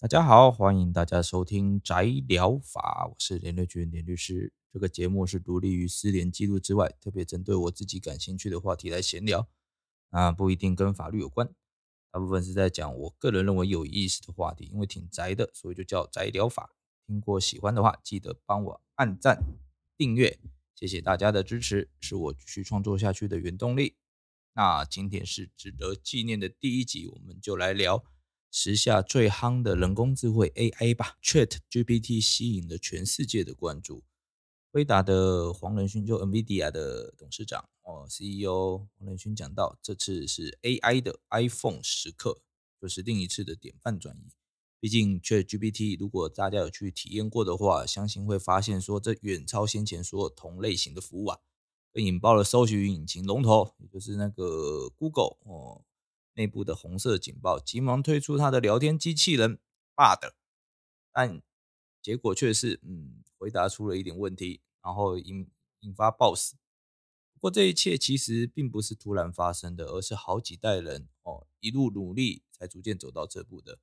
大家好，歡迎大家收聽宅聊法，我是連六軍連律師。這個節目是獨立於施連紀錄之外，特別針對我自己感興趣的話題來閒聊啊，不一定跟法律有關，大部分是在講我個人認為有意思的話題，因為挺宅的，所以就叫宅聊法。如果喜歡的話，記得幫我按讚、訂閱，謝謝大家的支持，是我繼續創作下去的原動力。那今天是值得紀念的第一集，我們就來聊。時下最夯的人工智慧 AI 吧，ChatGPT 吸引了全世界的關注。輝達的黃仁勳就 NVIDIA 的董事長哦，CEO 黃仁勳講到，這次是 AI 的 iPhone 時刻，就是另一次的典範轉移。畢竟 ChatGPT 如果大家有去體驗過的話，相信會發現說這遠超先前所有同類型的服務啊，被引爆了搜尋引擎龍頭，也就是那個 Google 哦。內部的紅色警報，急忙推出他的聊天機器人 Bard，但結果卻是，嗯，回答出了一點問題，然後引引發暴死。不過這一切其實並不是突然發生的，而是好幾代人哦一路努力才逐漸走到這步的。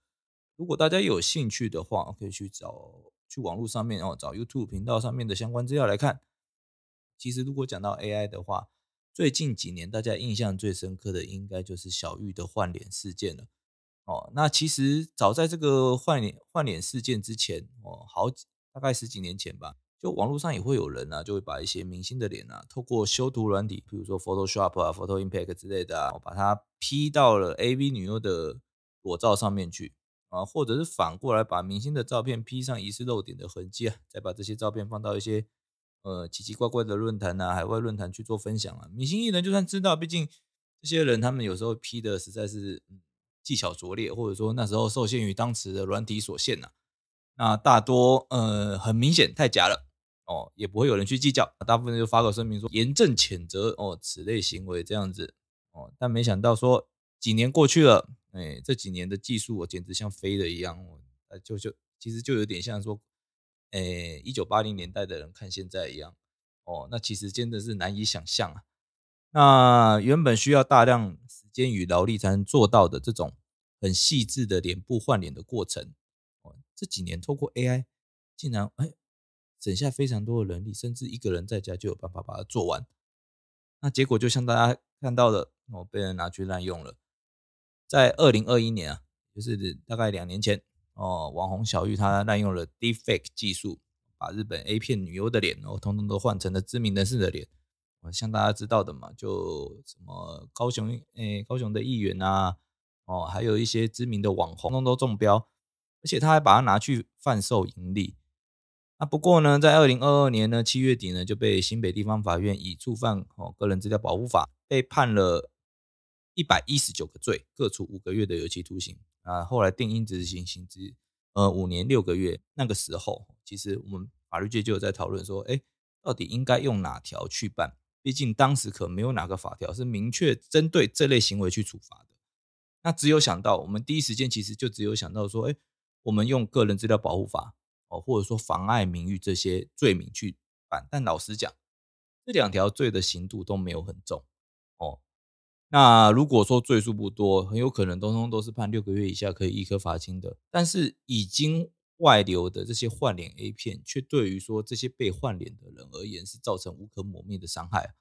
如果大家有興趣的話，可以去找去網絡上面，哦，找 YouTube 頻道上面的相關資料來看。其實如果講到 AI 的話，最近幾年，大家印象最深刻的應該就是小玉的換臉事件了。哦，那其實早在這個換臉換臉事件之前，哦，好幾大概十幾年前吧，就網絡上也會有人啊，就會把一些明星的臉啊，透過修圖軟體，比如說 Photoshop 啊、Photo Impact 之類的啊，把它 P 到了 AV 女優的裸照上面去啊，或者是反過來把明星的照片 P 上疑似露點的痕跡啊，再把這些照片放到一些，呃，奇奇怪怪的論壇吶，海外論壇去做分享啊。明星藝人就算知道，畢竟這些人他們有時候 P 的實在是技巧拙劣，或者說那時候受限於當時的軟體所限吶、啊，那大多呃很明顯太假了哦，也不會有人去計較，大部分就發個聲明說嚴正譴責哦此類行為這樣子哦。但沒想到說幾年過去了，哎、欸，這幾年的技術我、哦、簡直像飛的一樣哦，就就其實就有點像說。誒，一九八零年代的人看現在一樣哦，那其實真的是難以想象啊。那原本需要大量時間與勞力才能做到的這種很細緻的臉部換臉的過程哦，這幾年透過 AI，竟然誒省下非常多的人力，甚至一個人在家就有辦法把它做完。那結果就像大家看到的，哦，被人拿去濫用了。在二零二一年啊，就是大概兩年前。哦，網紅小玉她濫用了 Deepfake 技術，把日本 A 片女優的臉哦，通通都換成了知名人士的臉。我、哦、像大家知道的嘛，就什麼高雄誒、欸，高雄的議員啊，哦，還有一些知名的網紅，通通都中標，而且他還把它拿去販售盈利。那不過呢，在二零二二年呢，七月底呢，就被新北地方法院以觸犯哦個人資料保護法，被判了一百一十九個罪，各處五個月的有期徒刑。啊，後來定應執行刑之呃，五年六個月。那個時候，其實我們法律界就有在討論說，哎、欸，到底應該用哪條去辦？畢竟當時可沒有哪個法條是明確針對這類行為去處罰的。那只有想到，我們第一時間其實就只有想到說，哎、欸，我們用個人資料保護法哦，或者說妨礙名譽這些罪名去辦。但老實講，這兩條罪的刑度都沒有很重哦。那如果說罪數不多，很有可能通通都是判六個月以下可以易科罰金的。但是已經外流的這些換臉 A 片，卻對於說這些被換臉的人而言是造成無可磨滅的傷害。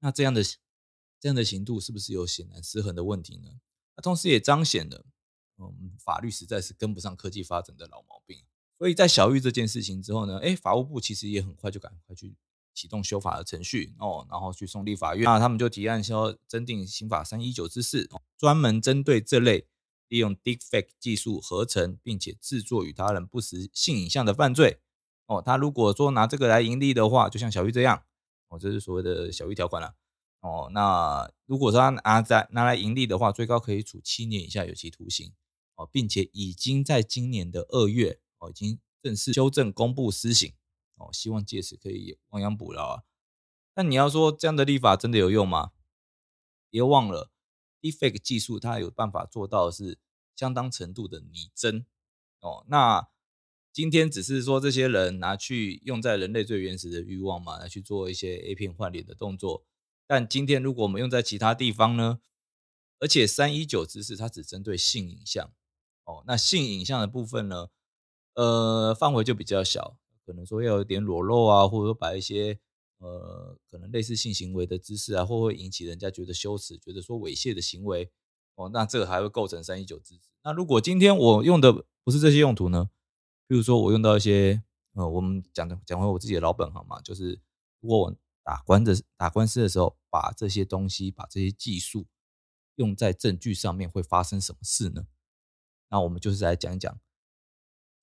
那這樣的這樣的刑度是不是有顯然失衡的問題呢？那同時也彰顯了嗯法律實在是跟不上科技發展的老毛病。所以在小玉這件事情之後呢，哎，法務部其實也很快就趕快去。啟動修法的程序，哦，然後去送立法院，那他們就提案說增訂刑法三一九之四，哦，專門針對這類利用 deepfake 技術合成並且製作與他人不實性影像的犯罪哦。他如果說拿這個來盈利的話，就像小玉這樣哦，這是所謂的小玉條款了哦。那如果說他拿在拿來盈利的話，最高可以處七年以下有期徒刑哦，並且已經在今年的二月哦，已經正式修正公布施行。哦，希望借此可以亡羊補牢啊。但你要說這樣的立法真的有用嗎？別忘了，Deepfake 技術它有辦法做到的是相當程度的擬真。哦，那今天只是說這些人拿去用在人類最原始的慾望嘛，來去做一些 A 片換臉的動作。但今天如果我們用在其他地方呢？而且三一九之四它只針對性影像。哦，那性影像的部分呢？呃，範圍就比較小。可能說要有點裸露啊，或者說把一些呃，可能類似性行為的姿勢啊，或會，會引起人家覺得羞恥，覺得說猥褻的行為哦，那這個還會構成三一九之子。那如果今天我用的不是這些用途呢？比如說我用到一些呃，我們講的講回我自己的老本行嘛，就是如果我打官司，打官司的時候，把這些東西把這些技術用在證據上面，會發生什麼事呢？那我們就是來講一講。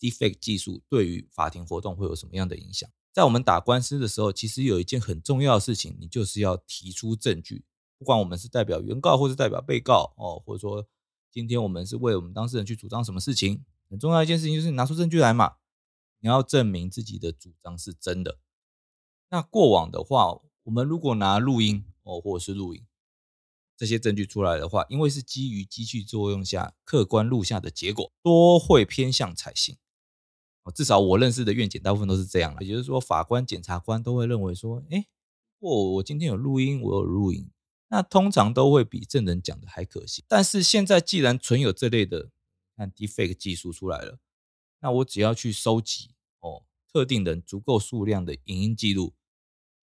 Deepfake 技術對於法庭活動會有什麼樣的影響？在我們打官司的時候，其實有一件很重要的事情，你就是要提出證據。不管我們是代表原告，或是代表被告，哦，或者說今天我們是為我們當事人去主張什麼事情，很重要一件事情就是你拿出證據來嘛。你要證明自己的主張是真的。那過往的話，我們如果拿錄音哦，或者是錄影這些證據出來的話，因為是基於機器作用下客觀錄下的結果，多會偏向採信。哦，至少我認識的院檢大部分都是這樣的，也就是說，法官、檢察官都會認為說，誒、欸，我我今天有錄音，我有錄音，那通常都會比證人講的還可信。但是現在既然存有這類的，Deepfake 技術出來了，那我只要去收集哦特定人足夠數量的影音記錄，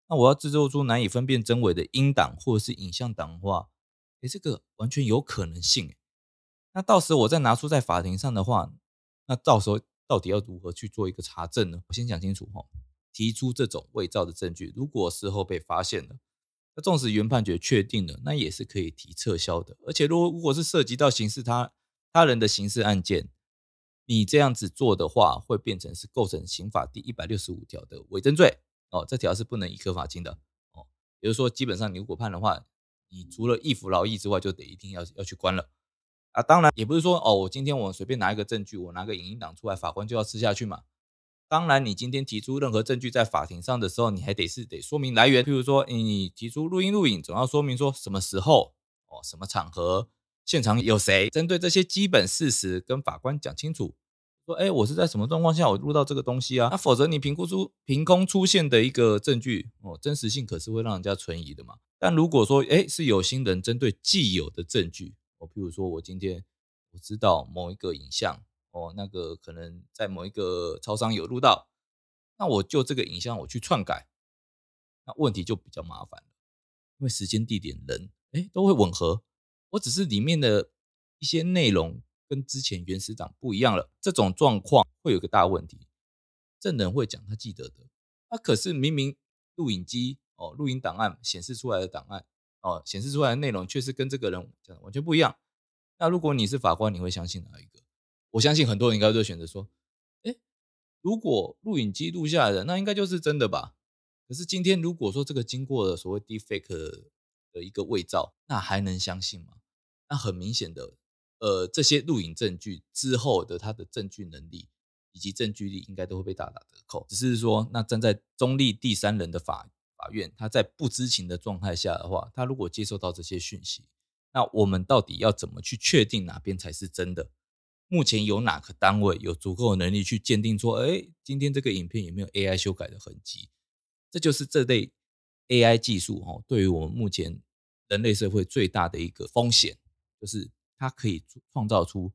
那我要制作出難以分辨真偽的音檔或者是影像檔的話，誒、欸，這個完全有可能性，欸。那到時候我再拿出在法庭上的話，那到時候。到底要如何去做一個查證呢？我先講清楚哈。提出這種偽造的證據，如果事後被發現了，那縱使原判決確定了，那也是可以提撤銷的。而且，如果如果是涉及到刑事他他人的刑事案件，你這樣子做的話，會變成是構成刑法第一百六十五條的偽證罪哦。這條是不能易科罰金的哦。也就是說，基本上你如果判的話，你除了易服勞役之外，就得一定要要去關了。啊，當然也不是說哦，我今天我隨便拿一個證據，我拿個影音檔出來，法官就要吃下去嘛？當然，你今天提出任何證據在法庭上的時候，你還得是得說明來源。譬如說，欸、你提出錄音錄影，總要說明說什麼時候哦，什麼場合，現場有誰？針對這些基本事實，跟法官講清楚，說哎、欸，我是在什麼狀況下我錄到這個東西啊？那、啊、否則你評估出憑空出現的一個證據哦，真實性可是會讓人家存疑的嘛。但如果說哎、欸，是有心人針對既有的證據。我譬如說，我今天我知道某一個影像，哦，那個可能在某一個超商有錄到，那我就這個影像我去篡改，那問題就比較麻煩了，因為時間、地點、人，哎，都會吻合。我只是裡面的一些內容跟之前原始檔不一樣了，這種狀況會有個大問題。證人會講他記得的，那，啊，可是明明錄影機哦，錄影檔案顯示出來的檔案。哦，顯示出來的內容確實跟這個人講完全不一樣。那如果你是法官，你會相信哪一個？我相信很多人應該都會選擇說、欸，如果錄影機錄下來的，那應該就是真的吧？可是今天如果說這個經過了所謂 deepfake 的一個偽造，那還能相信嗎？那很明顯的，呃，這些錄影證據之後的他的證據能力以及證據力應該都會被大打折扣。只是說，那站在中立第三人的法。院他在不知情的狀態下的話，他如果接受到這些訊息，那我們到底要怎麼去確定哪邊才是真的？目前有哪個單位有足夠的能力去鑑定說，哎，今天這個影片有沒有 AI 修改的痕跡？這就是這類 AI 技術哦，對於我們目前人類社會最大的一個風險，就是它可以創造出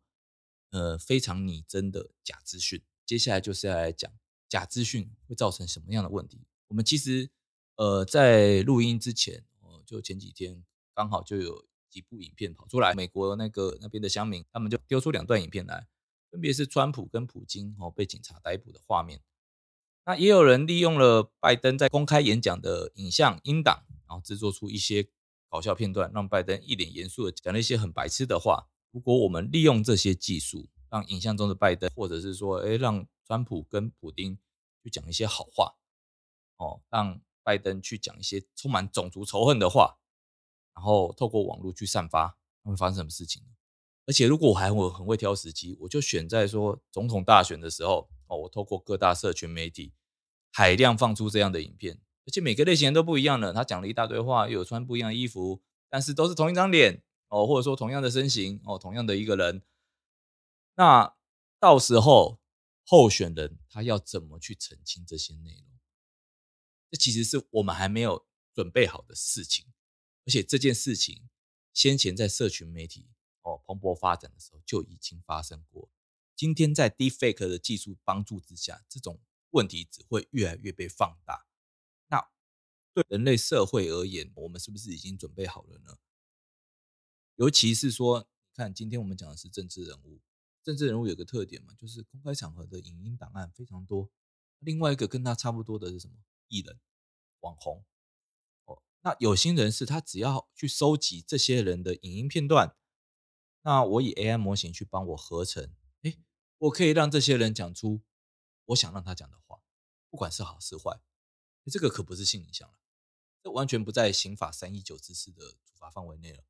呃非常擬真的假資訊。接下來就是要來講假資訊會造成什麼樣的問題。我們其實。呃，在錄音之前，呃，就前幾天剛好就有幾部影片跑出來，美國那個那邊的鄉民他們就丟出兩段影片來，分別是川普跟普京哦被警察逮捕的畫面。那也有人利用了拜登在公開演講的影像音檔，然後製作出一些搞笑片段，讓拜登一臉嚴肅的講了一些很白痴的話。如果我們利用這些技術，讓影像中的拜登，或者是說，哎，讓川普跟普京去講一些好話，哦，讓。拜登去講一些充滿種族仇恨的話，然後透過網絡去散發，發，會發生什麼事情？而且如果我還我很會挑時機，我就選在說總統大選的時候哦，我透過各大社群媒體海量放出這樣的影片，而且每個類型人都不一樣的，他講了一大堆話，又有穿不一樣的衣服，但是都是同一張臉哦，或者說同樣的身形哦，同樣的一個人。那到時候候選人他要怎麼去澄清這些內容？這其實是我們還沒有準備好的事情，而且這件事情先前在社群媒體哦蓬勃發展的時候就已經發生過。今天在 Deepfake 的技術幫助之下，這種問題只會越來越被放大。那對人類社會而言，我們是不是已經準備好了呢？尤其是說，你看今天我們講的是政治人物，政治人物有個特點嘛，就是公開場合的影音檔案非常多。另外一個跟他差不多的是什麼？藝人、網紅，哦、oh,，那有心人士他只要去收集這些人的影音片段，那我以 AI 模型去幫我合成，誒，我可以讓這些人講出我想讓他講的話，不管是好是壞，這個可不是性影像了，這完全不在刑法三一九之四的處罰範圍內了。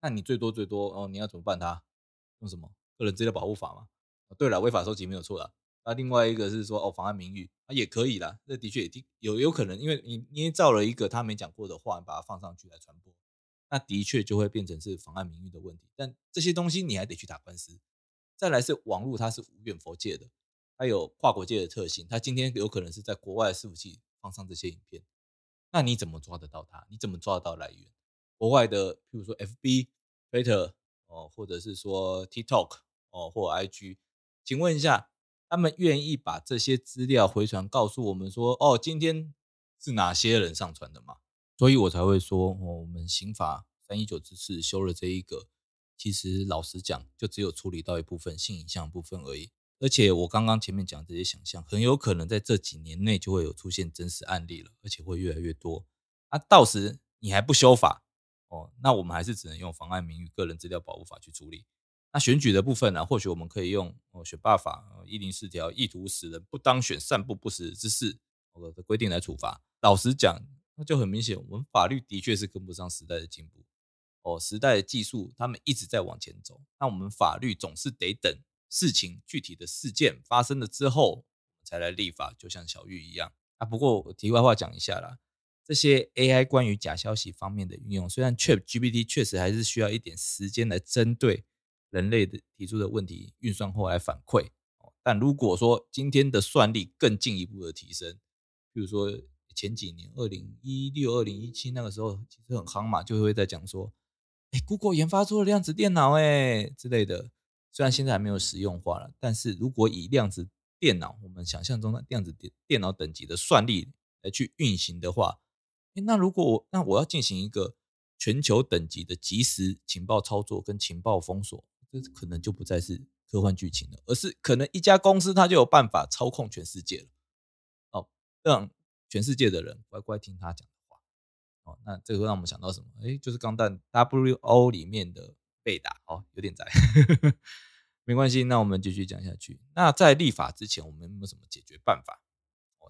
那你最多最多哦，你要怎麼辦他？用什麼個人資料保護法嗎？對了，違法收集沒有錯的。那另外一個是說哦，妨礙名譽啊，也可以啦。這的確也挺有有可能，因為你捏造了一個他沒講過的話，你把它放上去來傳播，那的確就會變成是妨礙名譽的問題。但這些東西你還得去打官司。再來是網絡，它是無遠弗屆的，它有跨國界的特性。它今天有可能是在國外的伺服器放上這些影片，那你怎麼抓得到他你怎麼抓得到來源國外的，譬如說 FB、Twitter 哦，或者是說 TikTok 哦，或 IG，請問一下。他們願意把這些資料回傳告訴我們說，哦，今天是哪些人上傳的嘛？所以我才會說，哦，我們刑法三一九之四修了這一個，其實老實講，就只有處理到一部分性影像的部分而已。而且我剛剛前面講這些想象，很有可能在這幾年內就會有出現真實案例了，而且會越來越多。啊，到時你還不修法，哦，那我們還是只能用妨礙名譽、個人資料保護法去處理。那選舉的部分呢、啊？或許我們可以用《哦，選罷法》一零四條，意圖使人不當選、散布不實之事、哦，的規定來處罰。老實講，那就很明顯，我們法律的確是跟不上時代的進步。哦，時代的技術他們一直在往前走，那我們法律總是得等事情具體的事件發生了之後才來立法。就像小玉一樣啊。不過我題外話講一下啦，這些 AI 關於假消息方面的運用，雖然 ChatGPT 確實還是需要一點時間來針對。人類的提出的問題運算後來反饋，但如果說今天的算力更進一步的提升，比如說前幾年二零一六、二零一七那個時候其實很夯嘛，就會在講說、欸，哎，Google 研發出了量子電腦，哎之類的。雖然現在還沒有實用化了，但是如果以量子電腦，我們想象中的量子電腦等級的算力來去運行的話、欸，那如果我那我要進行一個全球等級的即時情報操作跟情報封鎖。這可能就不再是科幻劇情了，而是可能一家公司它就有辦法操控全世界了。哦，讓全世界的人乖乖聽他講的話，哦。那這個會讓我們想到什麼？誒就是《鋼彈 W O》裡面的被打，哦，有點宅， 沒關係。那我們繼續講下去。那在立法之前，我們有沒有什麼解決辦法？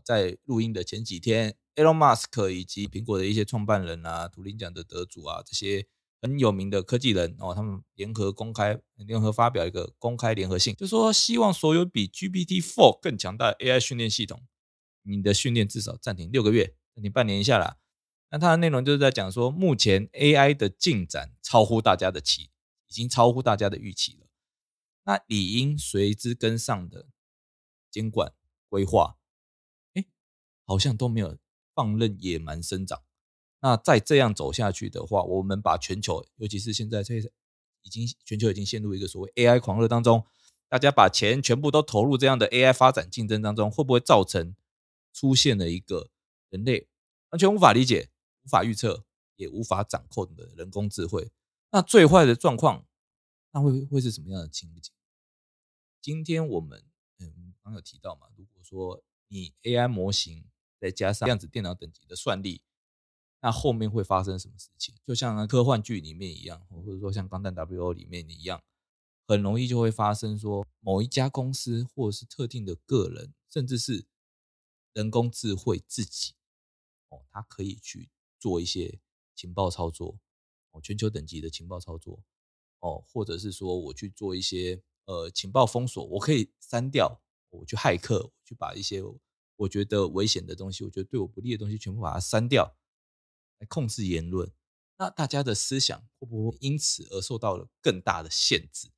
在錄音的前幾天，Elon Musk 以及蘋果的一些創辦人啊，圖靈獎的得主啊，這些。很有名的科技人哦，他們聯合公開、聯合發表一個公開聯合信，就說希望所有比 GPT 4更強大的 AI 訓練系統，你的訓練至少暫停六個月，暫停半年一下啦。那它的內容就是在講說，目前 AI 的進展超乎大家的期，已經超乎大家的預期了，那理應隨之跟上的監管規劃，誒，好像都沒有放任野蠻生長。那再這樣走下去的話，我們把全球，尤其是現在這已經全球已經陷入一個所謂 AI 狂熱當中，大家把錢全部都投入這樣的 AI 發展競爭當中，會不會造成出現了一個人類完全無法理解、無法預測、也無法掌控的人工智慧？那最壞的狀況，那會會是什麼樣的情景？今天我們嗯，剛剛有提到嘛，如果說你 AI 模型再加上量子電腦等級的算力。那後面會發生什麼事情？就像科幻劇裡面一樣，或者說像《鋼彈 W.O》裡面一樣，很容易就會發生說，某一家公司或者是特定的個人，甚至是人工智慧自己，哦，他可以去做一些情報操作，哦，全球等級的情報操作，哦，或者是說我去做一些呃情報封鎖，我可以刪掉，我去駭客，我去把一些我覺得危險的東西，我覺得對我不利的東西，全部把它刪掉。來控制言論，那大家的思想會不會因此而受到了更大的限制？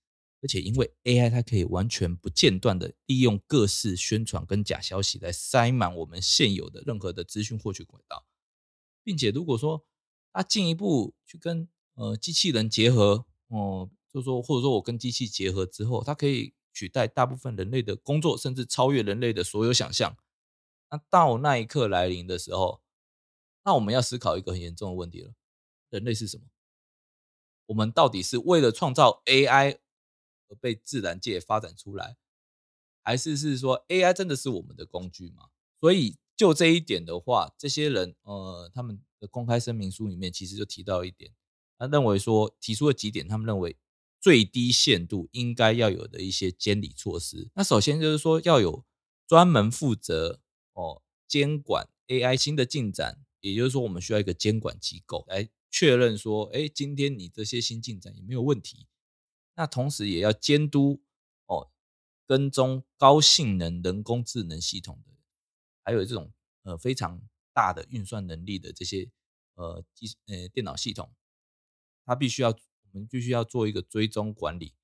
而且，因為 AI 它可以完全不間斷的利用各式宣傳跟假消息來塞滿我們現有的任何的資訊獲取軌道，並且，如果說它、啊、進一步去跟呃機器人結合，哦、呃，就是說，或者說我跟機器結合之後，它可以取代大部分人類的工作，甚至超越人類的所有想象。那到那一刻來臨的時候，那我們要思考一個很嚴重的問題了：人類是什麼？我們到底是為了創造 AI 而被自然界發展出來，還是是說 AI 真的是我們的工具嗎？所以就這一點的話，這些人呃，他們的公開聲明書裡面其實就提到一點，他認為說，提出了幾點，他們認為最低限度應該要有的一些監理措施。那首先就是說要有專門負責哦監管 AI 新的進展。也就是說，我們需要一個監管機構來確認說，哎，今天你這些新進展也沒有問題。那同時也要監督哦，跟蹤高性能人工智能系統的，還有這種呃非常大的運算能力的這些呃計呃電腦系統，它必須要我們必須要做一個追蹤管理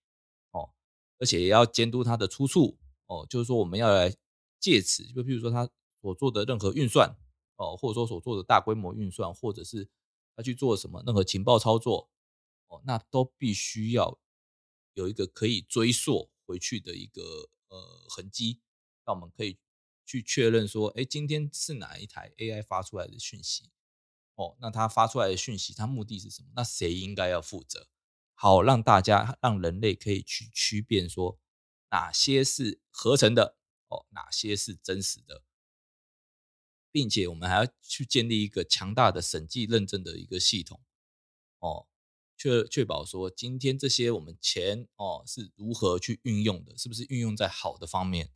哦，而且也要監督它的出處哦，就是說我們要來借此，就比如說它所做的任何運算。哦，或者說所做的大規模運算，或者是要去做什麼那個情報操作，哦，那都必須要有一個可以追溯回去的一個呃痕跡，那我們可以去確認說，哎，今天是哪一台 AI 發出來的訊息？哦，那它發出來的訊息，它目的是什麼？那誰應該要負責？好，讓大家，讓人類可以去區辨說哪些是合成的，哦，哪些是真實的。並且我們還要去建立一個強大的審計認證的一個系統，哦，確確保說今天這些我們錢哦是如何去運用的，是不是運用在好的方面？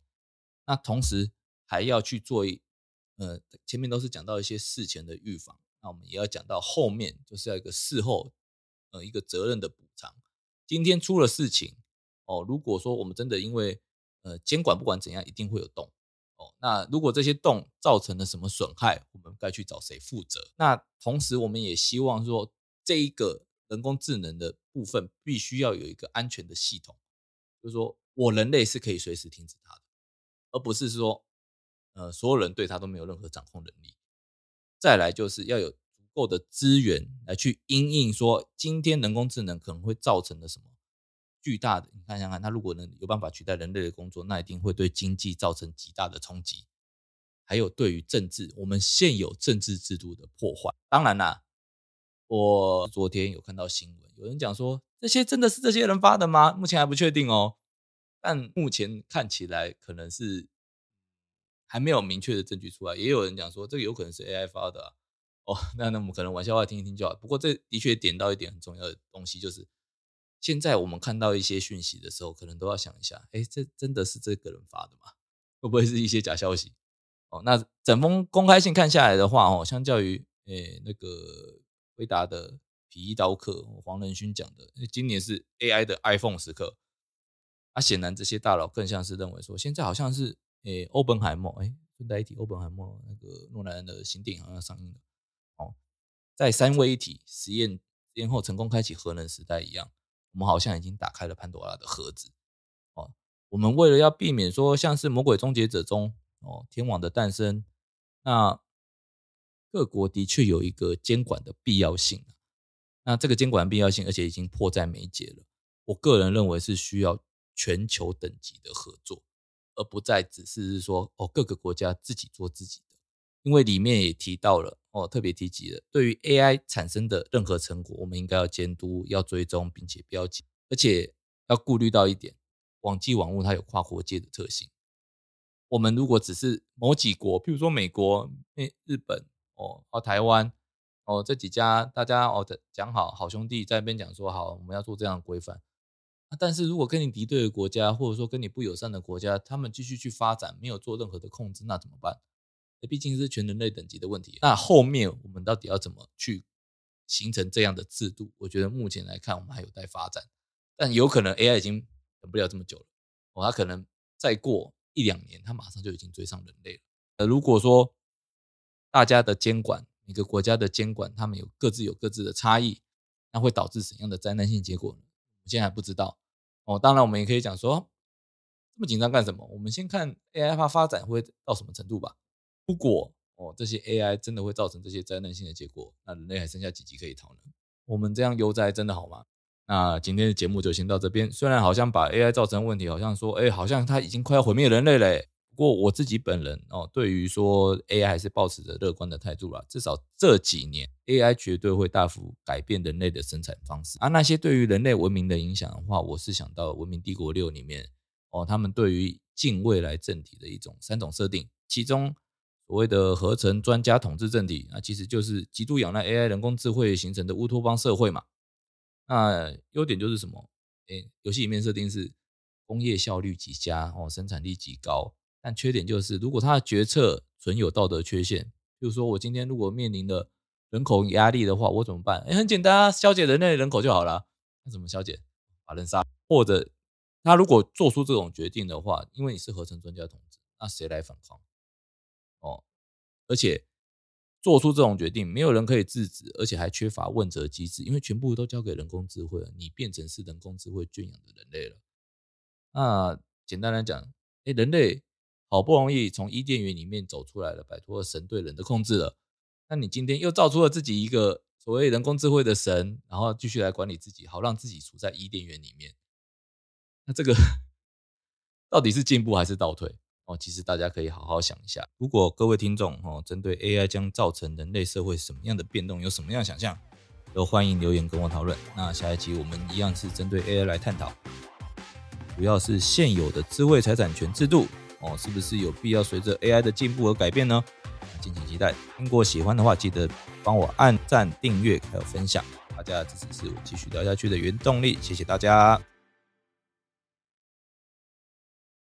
那同時還要去做一呃，前面都是講到一些事前的預防，那我們也要講到後面就是要一個事後，呃，一個責任的補償。今天出了事情，哦，如果說我們真的因為呃監管不管怎樣，一定會有洞。哦，那如果這些洞造成了什麼損害，我們該去找誰負責？那同時，我們也希望說，這一個人工智能的部分必須要有一個安全的系統，就是說我人類是可以隨時停止它的，而不是說，呃，所有人對它都沒有任何掌控能力。再來就是要有足夠的資源來去因應說，今天人工智能可能會造成的什麼。巨大的，你看，想看，他如果能有辦法取代人類的工作，那一定會對經濟造成極大的衝擊。還有對於政治，我們現有政治制度的破壞。當然啦，我昨天有看到新聞，有人講說這些真的是這些人發的嗎？目前還不確定哦。但目前看起來可能是還沒有明確的證據出來。也有人講說這個有可能是 AI 發的、啊、哦。那那我們可能玩笑話聽一聽就好。不過這的確點到一點很重要的東西，就是。現在我們看到一些訊息的時候，可能都要想一下：哎，這真的是這個人發的嗎？會不會是一些假消息？哦，那整封公開信看下來的話，哦，相較於誒那個輝達的皮衣刀客、哦、黃仁勳講的，今年是 AI 的 iPhone 時刻，那、啊、顯然這些大佬更像是認為說，現在好像是誒歐本海默，哎，順帶一提，歐本海默那個諾蘭的新電影好像上映了，哦，在三位一體實驗然後成功開啟核能時代一樣。我們好像已經打開了潘多拉的盒子，哦，我們為了要避免說像是《魔鬼終結者》中哦天網的誕生，那各國的確有一個監管的必要性，那這個監管的必要性，而且已經迫在眉睫了。我個人認為是需要全球等級的合作，而不再只是說哦各個國家自己做自己的，因為裡面也提到了。哦，特別提及了，對於 AI 產生的任何成果，我們應該要監督、要追蹤，並且標記，而且要顧慮到一點，網際網絡它有跨國界的特性。我們如果只是某幾國，譬如說美國、誒，日本、哦啊台灣、哦這幾家，大家哦講好好兄弟在那邊講說好，我們要做這樣的規範、啊。但是如果跟你敵對的國家，或者說跟你不友善的國家，他們繼續去發展，沒有做任何的控制，那怎麼辦？那畢竟是全人類等級的問題。那後面我們到底要怎麼去形成這樣的制度？我覺得目前來看，我們還有待發展。但有可能 AI 已經等不了這麼久了哦，它可能再過一兩年，它馬上就已經追上人類了。呃，如果說大家的監管，每個國家的監管，他們有各自有各自的差異，那會導致怎樣的災難性結果呢？我們現在還不知道哦。當然，我們也可以講說，這麼緊張幹什麼？我們先看 AI 它發展會到什麼程度吧。如果哦這些 AI 真的會造成這些災難性的結果，那人類還剩下幾集可以逃呢？我們這樣悠哉真的好嗎？那今天的節目就先到這邊。雖然好像把 AI 造成問題，好像說哎、欸，好像它已經快要毀滅人類嘞。不過我自己本人哦，對於說 AI 還是抱持着樂觀的態度啦。至少這幾年 AI 絕對會大幅改變人類的生產方式。而、啊、那些對於人類文明的影響的話，我是想到《文明帝國六》裡面哦，他們對於近未來政體的一種三種設定，其中。所謂的合成專家統治政體，那其實就是極度仰賴 AI 人工智慧形成的烏托邦社會嘛。那優點就是什麼？誒、欸，遊戲裡面設定是工業效率極佳哦，生產力極高。但缺點就是，如果他的決策存有道德缺陷，就是說我今天如果面臨了人口壓力的話，我怎麼辦？誒、欸，很簡單啊，消解人類人口就好了。那怎麼消解？把人殺？或者，他如果做出這種決定的話，因為你是合成專家統治，那誰來反抗？而且做出這種決定，沒有人可以制止，而且還缺乏問責機制，因為全部都交給人工智慧了，你變成是人工智慧圈養的人類了。那簡單來講，哎、欸，人類好不容易從伊甸園裡面走出來了，擺脫了神對人的控制了，那你今天又造出了自己一個所謂人工智慧的神，然後繼續來管理自己，好讓自己處在伊甸園裡面，那這個 到底是進步還是倒退？哦，其實大家可以好好想一下，如果各位聽眾哦，針對 AI 將造成人類社會什麼樣的變動，有什麼樣的想象，都歡迎留言跟我討論。那下一集我們一樣是針對 AI 來探討，主要是現有的智慧財產權制度哦，是不是有必要隨着 AI 的進步而改變呢？敬請期待。如果喜歡的話，記得幫我按讚、訂閱還有分享，大家的支持是我繼續聊下去的原動力。謝謝大家。